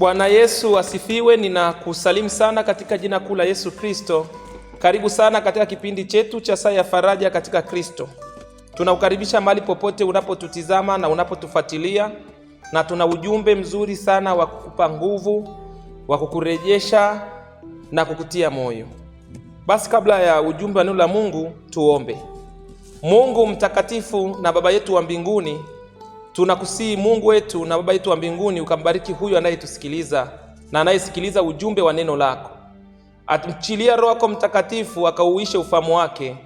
Bwana Yesu asifiwe. Ninakusalimu sana katika jina kuu la Yesu Kristo. Karibu sana katika kipindi chetu cha Saa ya Faraja katika Kristo. Tunaukaribisha mahali popote unapotutizama na unapotufuatilia, na tuna ujumbe mzuri sana wa kukupa nguvu, wa kukurejesha na kukutia moyo. Basi kabla ya ujumbe wa neno la Mungu, tuombe. Mungu mtakatifu na Baba yetu wa mbinguni Tunakusihi Mungu wetu na Baba yetu wa mbinguni, ukambariki huyu anayetusikiliza na anayesikiliza ujumbe wa neno lako, atumchilia Roho yako Mtakatifu akauishe ufahamu wake,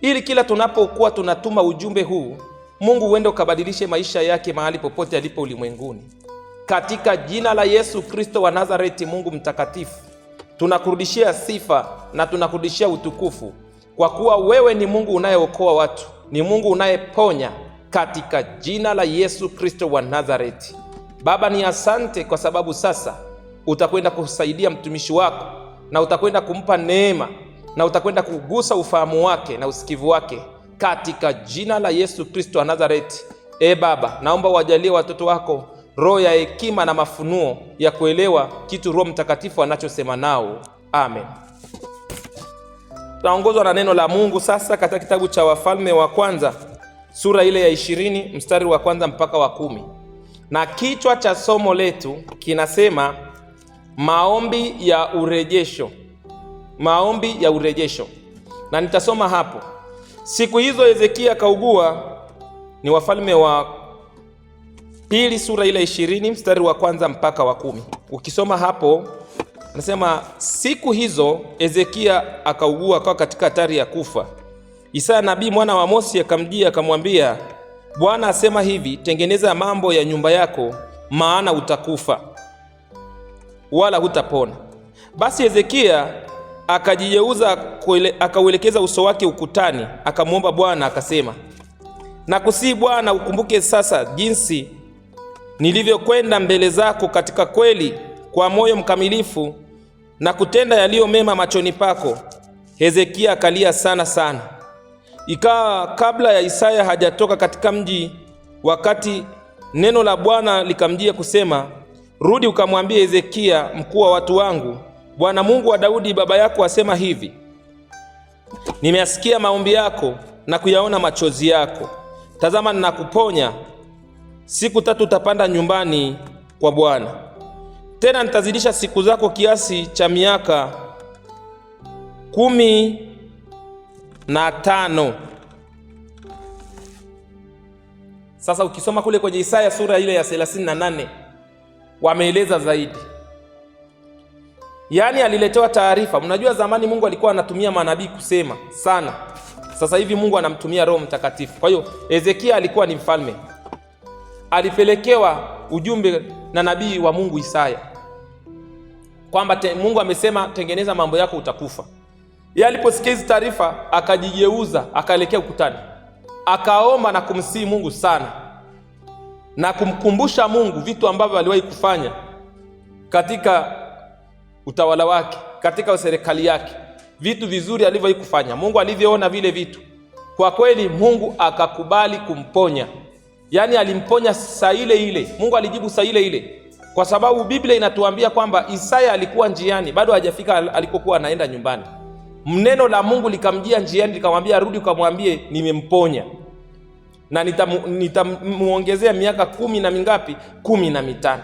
ili kila tunapokuwa tunatuma ujumbe huu, Mungu uende ukabadilishe maisha yake mahali popote alipo ulimwenguni, katika jina la Yesu Kristo wa Nazareti. Mungu mtakatifu, tunakurudishia sifa na tunakurudishia utukufu, kwa kuwa wewe ni Mungu unayeokoa watu, ni Mungu unayeponya katika jina la Yesu Kristo wa Nazareti. Baba, ni asante kwa sababu sasa utakwenda kusaidia mtumishi wako na utakwenda kumpa neema na utakwenda kugusa ufahamu wake na usikivu wake katika jina la Yesu Kristo wa Nazareti. E Baba, naomba wajalie watoto wako roho ya hekima na mafunuo ya kuelewa kitu Roho Mtakatifu anachosema nao. Amen. Tunaongozwa na neno la Mungu sasa katika kitabu cha Wafalme wa Kwanza sura ile ya ishirini mstari wa kwanza mpaka wa kumi na kichwa cha somo letu kinasema maombi ya urejesho, maombi ya urejesho. Na nitasoma hapo. Siku hizo Hezekia kaugua, ni Wafalme wa Pili sura ile ishirini mstari wa kwanza mpaka wa kumi. Ukisoma hapo anasema siku hizo Hezekia akaugua, akawa katika hatari ya kufa Isaya nabii mwana wa Amosi akamjia akamwambia, Bwana asema hivi, tengeneza mambo ya nyumba yako, maana utakufa wala hutapona. Basi Hezekia akajijeuza, akauelekeza uso wake ukutani, akamwomba Bwana akasema, nakusihi Bwana, ukumbuke sasa jinsi nilivyokwenda mbele zako katika kweli kwa moyo mkamilifu na kutenda yaliyo mema machoni pako. Hezekia akalia sana sana. Ikawa kabla ya Isaya hajatoka katika mji, wakati neno la Bwana likamjia kusema, rudi ukamwambie Hezekia mkuu wa watu wangu, Bwana Mungu wa Daudi baba yako asema hivi, nimeyasikia maombi yako na kuyaona machozi yako. Tazama, ninakuponya. Siku tatu utapanda nyumbani kwa Bwana, tena nitazidisha siku zako kiasi cha miaka kumi na tano. Sasa ukisoma kule kwenye Isaya sura ile ya 38 wameeleza zaidi, yaani aliletewa taarifa. Mnajua zamani Mungu alikuwa anatumia manabii kusema sana, sasa hivi Mungu anamtumia Roho Mtakatifu. Kwa hiyo Hezekia alikuwa ni mfalme, alipelekewa ujumbe na nabii wa Mungu Isaya kwamba Mungu amesema, tengeneza mambo yako, utakufa. Yeye aliposikia hizi taarifa akajigeuza, akaelekea ukutani, akaomba na kumsihi Mungu sana na kumkumbusha Mungu vitu ambavyo aliwahi kufanya katika utawala wake, katika serikali yake, vitu vizuri alivyowahi kufanya, Mungu alivyoona vile vitu. Kwa kweli Mungu akakubali kumponya, yaani alimponya saa ile ile. Mungu alijibu saa ile ile, kwa sababu Biblia inatuambia kwamba Isaya alikuwa njiani, bado hajafika alikokuwa anaenda nyumbani mneno la Mungu likamjia njiani likamwambia, rudi ukamwambie nimemponya na nitamuongezea nita miaka kumi na mingapi? Kumi na mitano.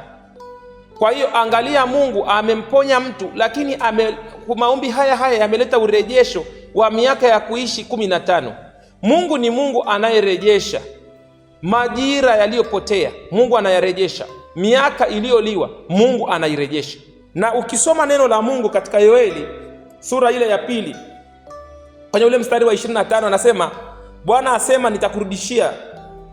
Kwa hiyo angalia, Mungu amemponya mtu, lakini ame, maombi haya haya yameleta urejesho wa miaka ya kuishi kumi na tano. Mungu ni Mungu anayerejesha majira yaliyopotea, Mungu anayarejesha miaka iliyoliwa, Mungu anairejesha. Na ukisoma neno la Mungu katika Yoeli sura ile ya pili kwenye ule mstari wa 25 anasema, Bwana asema nitakurudishia,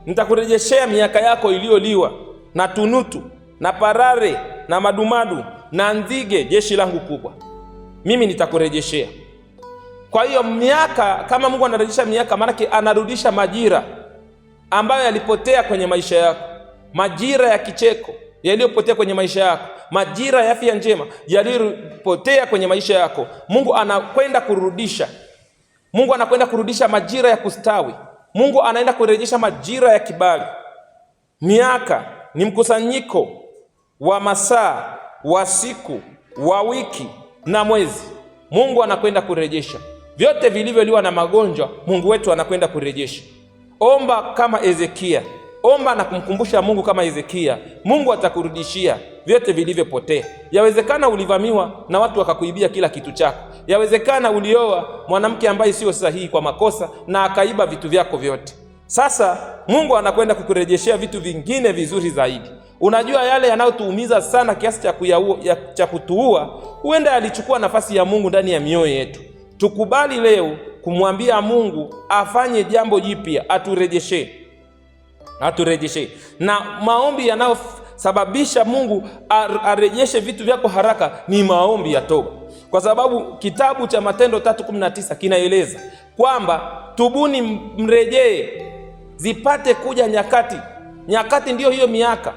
nitakurejeshea miaka yako iliyoliwa na tunutu na parare na madumadu na nzige, jeshi langu kubwa, mimi nitakurejeshea. Kwa hiyo miaka, kama Mungu anarejesha miaka, maanake anarudisha majira ambayo yalipotea kwenye maisha yako, majira ya kicheko yaliyopotea kwenye maisha yako, majira ya afya njema yaliyopotea kwenye maisha yako, Mungu anakwenda kurudisha. Mungu anakwenda kurudisha majira ya kustawi. Mungu anaenda kurejesha majira ya kibali. Miaka ni mkusanyiko wa masaa, wa siku, wa wiki na mwezi. Mungu anakwenda kurejesha vyote vilivyoliwa na magonjwa. Mungu wetu anakwenda kurejesha. Omba kama Ezekia. Omba na kumkumbusha Mungu kama Hezekia, Mungu atakurudishia vyote vilivyopotea. Yawezekana ulivamiwa na watu wakakuibia kila kitu chako. Yawezekana ulioa mwanamke ambaye sio sahihi kwa makosa na akaiba vitu vyako vyote. Sasa Mungu anakwenda kukurejeshea vitu vingine vizuri zaidi. Unajua, yale yanayotuumiza sana kiasi cha ya, cha kutuua huenda yalichukua nafasi ya Mungu ndani ya mioyo yetu. Tukubali leo kumwambia Mungu afanye jambo jipya, aturejeshe aturejeshe. Na maombi yanayosababisha Mungu arejeshe vitu vyako haraka ni maombi ya toba, kwa sababu kitabu cha Matendo 3:19 kinaeleza kwamba tubuni, mrejee, zipate kuja nyakati. Nyakati ndiyo hiyo miaka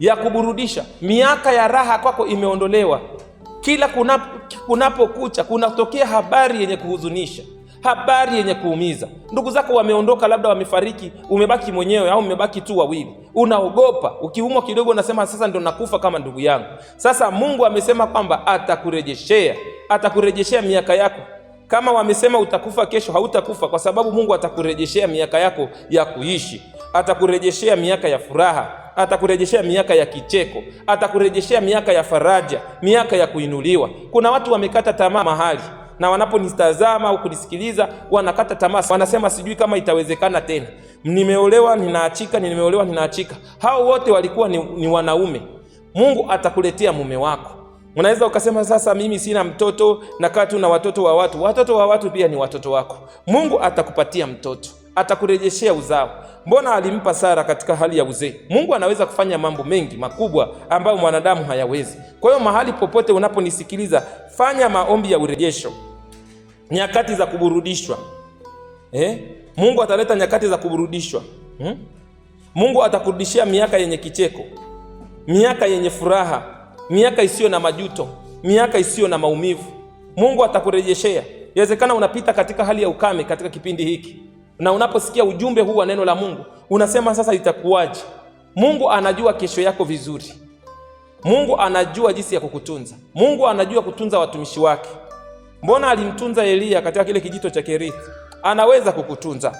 ya kuburudisha, miaka ya raha kwako imeondolewa. Kila kunapokucha kunatokea habari yenye kuhuzunisha habari yenye kuumiza. Ndugu zako wameondoka, labda wamefariki, umebaki mwenyewe au umebaki tu wawili, unaogopa. Ukiumwa kidogo, unasema sasa ndo nakufa kama ndugu yangu. Sasa Mungu amesema kwamba atakurejeshea, atakurejeshea miaka yako. Kama wamesema utakufa kesho, hautakufa kwa sababu Mungu atakurejeshea miaka yako ya kuishi, atakurejeshea miaka ya furaha, atakurejeshea miaka ya kicheko, atakurejeshea miaka ya faraja, miaka ya kuinuliwa. Kuna watu wamekata tamaa mahali na wanaponitazama au kunisikiliza wanakata tamaa, wanasema sijui kama itawezekana tena, nimeolewa ninaachika, nimeolewa ninaachika. Hao wote walikuwa ni, ni wanaume. Mungu atakuletea mume wako. Unaweza ukasema sasa, mimi sina mtoto, nakaa tu na watoto wa watu. Watoto wa watu pia ni watoto wako. Mungu atakupatia mtoto atakurejeshea uzao. Mbona alimpa Sara katika hali ya uzee? Mungu anaweza kufanya mambo mengi makubwa ambayo mwanadamu hayawezi. Kwa hiyo mahali popote unaponisikiliza, fanya maombi ya urejesho, nyakati za kuburudishwa eh? Mungu ataleta nyakati za kuburudishwa hmm? Mungu atakurudishia miaka yenye kicheko, miaka yenye furaha, miaka isiyo na majuto, miaka isiyo na maumivu. Mungu atakurejeshea. Inawezekana unapita katika hali ya ukame katika kipindi hiki na unaposikia ujumbe huu wa neno la Mungu unasema sasa itakuwaje? Mungu anajua kesho yako vizuri. Mungu anajua jinsi ya kukutunza. Mungu anajua kutunza watumishi wake. Mbona alimtunza Eliya katika kile kijito cha Keriti? Anaweza kukutunza,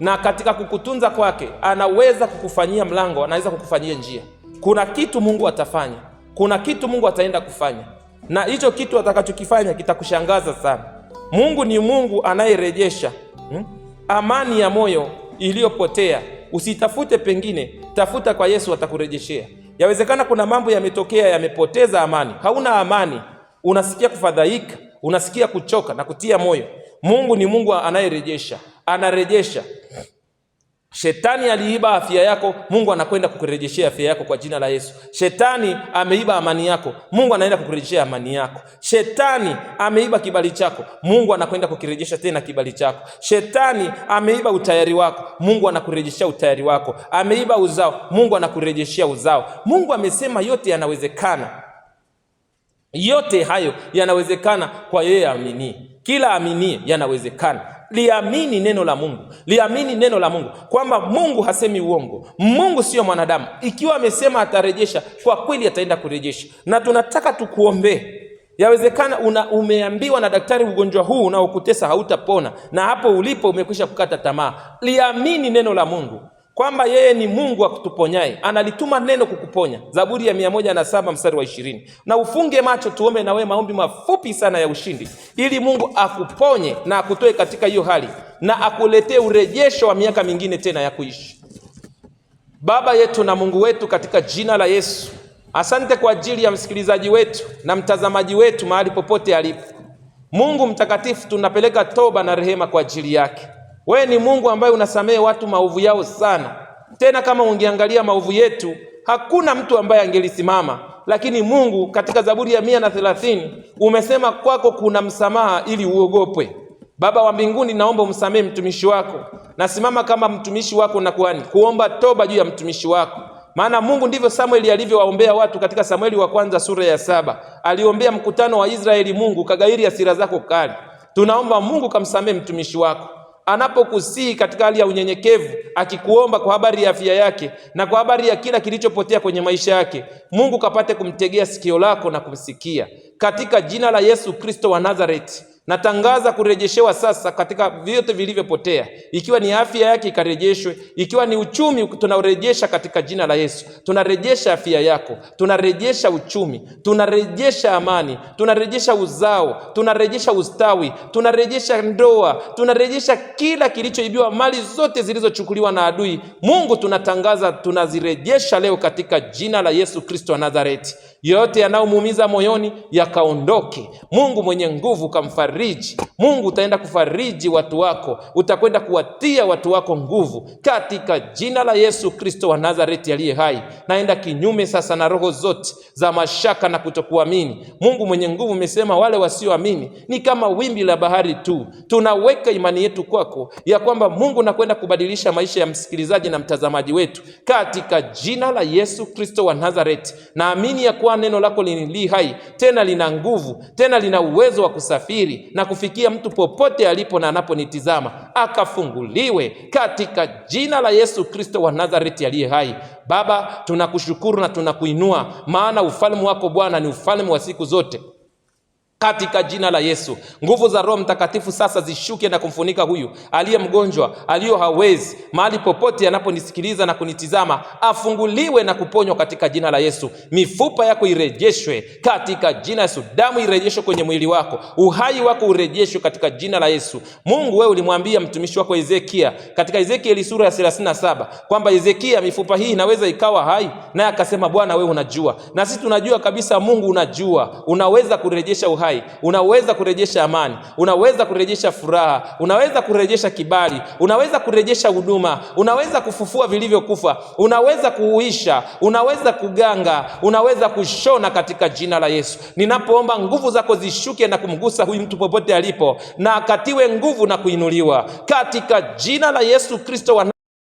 na katika kukutunza kwake anaweza kukufanyia mlango, anaweza kukufanyia njia. Kuna kitu Mungu atafanya, kuna kitu Mungu ataenda kufanya, na hicho kitu atakachokifanya kitakushangaza sana. Mungu ni Mungu anayerejesha hmm? amani ya moyo iliyopotea usitafute pengine, tafuta kwa Yesu, atakurejeshea. Yawezekana kuna mambo yametokea, yamepoteza amani, hauna amani, unasikia kufadhaika, unasikia kuchoka na kutia moyo. Mungu ni Mungu anayerejesha, anarejesha. Shetani aliiba afya yako, Mungu anakwenda kukurejeshea afya yako kwa jina la Yesu. Shetani ameiba amani yako, Mungu anaenda kukurejeshea amani yako. Shetani ameiba kibali chako, Mungu anakwenda kukirejesha tena kibali chako. Shetani ameiba utayari wako, Mungu anakurejeshea utayari wako. Ameiba uzao, Mungu anakurejeshea uzao. Mungu amesema yote yanawezekana, yote hayo yanawezekana kwa yeye aminii. Kila aminii yanawezekana. Liamini neno la Mungu, liamini neno la Mungu kwamba Mungu hasemi uongo. Mungu sio mwanadamu, ikiwa amesema atarejesha, kwa kweli ataenda kurejesha. Na tunataka tukuombee. Yawezekana una umeambiwa na daktari, ugonjwa huu unaokutesa hautapona, na hapo ulipo umekwisha kukata tamaa. Liamini neno la Mungu kwamba yeye ni Mungu akutuponyaye, analituma neno kukuponya. Zaburi ya mia moja na saba mstari wa ishirini. Na ufunge macho tuombe na maombi mafupi sana ya ushindi, ili Mungu akuponye na akutoe katika hiyo hali na akuletee urejesho wa miaka mingine tena ya kuishi. Baba yetu na Mungu wetu, katika jina la Yesu, asante kwa ajili ya msikilizaji wetu na mtazamaji wetu mahali popote alipo. Mungu mtakatifu, tunapeleka toba na rehema kwa ajili yake wewe ni Mungu ambaye unasamehe watu maovu yao sana. Tena kama ungeangalia maovu yetu, hakuna mtu ambaye angelisimama, lakini Mungu katika Zaburi ya mia na thelathini umesema kwako kuna msamaha ili uogopwe. Baba wa mbinguni, naomba umsamehe mtumishi wako. Nasimama kama mtumishi wako na kuhani kuomba toba juu ya mtumishi wako maana Mungu ndivyo Samueli alivyowaombea watu katika Samueli wa kwanza sura ya saba. Aliombea mkutano wa Israeli, Mungu kagairi hasira zako kali. Tunaomba Mungu kamsamehe mtumishi wako anapokusii katika hali ya unyenyekevu, akikuomba kwa habari ya afya yake na kwa habari ya kila kilichopotea kwenye maisha yake, Mungu kapate kumtegea sikio lako na kumsikia katika jina la Yesu Kristo wa Nazareti. Natangaza kurejeshewa sasa katika vyote vilivyopotea, ikiwa ni afya yake ikarejeshwe, ikiwa ni uchumi tunarejesha katika jina la Yesu. Tunarejesha afya yako, tunarejesha uchumi, tunarejesha amani, tunarejesha uzao, tunarejesha ustawi, tunarejesha ndoa, tunarejesha kila kilichoibiwa, mali zote zilizochukuliwa na adui. Mungu, tunatangaza tunazirejesha leo katika jina la Yesu Kristo wa Nazareti. Yote yanayomuumiza moyoni yakaondoke. Mungu mwenye nguvu, kamfariji kufariji. Mungu utaenda kufariji watu wako, utakwenda kuwatia watu wako nguvu katika jina la Yesu Kristo wa Nazareti aliye hai. Naenda kinyume sasa na roho zote za mashaka na kutokuamini. Mungu mwenye nguvu umesema wale wasioamini ni kama wimbi la bahari tu. Tunaweka imani yetu kwako ya kwamba Mungu nakwenda kubadilisha maisha ya msikilizaji na mtazamaji wetu katika jina la Yesu Kristo wa Nazareti. Naamini ya kuwa neno lako li hai tena lina nguvu tena lina uwezo wa kusafiri na kufikia mtu popote alipo na anaponitizama, akafunguliwe katika jina la Yesu Kristo wa Nazareti aliye hai. Baba, tunakushukuru na tunakuinua, maana ufalme wako Bwana ni ufalme wa siku zote katika jina la Yesu, nguvu za Roho Mtakatifu sasa zishuke na kumfunika huyu aliye mgonjwa, aliyo hawezi, mahali popote anaponisikiliza na kunitizama, afunguliwe na kuponywa katika jina la Yesu. Mifupa yako irejeshwe katika jina Yesu, damu irejeshwe kwenye mwili wako, uhai wako urejeshwe katika jina la Yesu. Mungu, wewe ulimwambia mtumishi wako Ezekia katika Ezekieli sura ya 37 kwamba Ezekia, mifupa hii inaweza ikawa hai, naye akasema Bwana, wewe unajua. Na sisi tunajua kabisa, Mungu unajua, unaweza kurejesha uhai uhai, unaweza kurejesha amani, unaweza kurejesha furaha, unaweza kurejesha kibali, unaweza kurejesha huduma, unaweza kufufua vilivyokufa, unaweza kuuisha, unaweza kuganga, unaweza kushona katika jina la Yesu. Ninapoomba nguvu zako zishuke na kumgusa huyu mtu popote alipo, na akatiwe nguvu na kuinuliwa katika jina la Yesu Kristo wa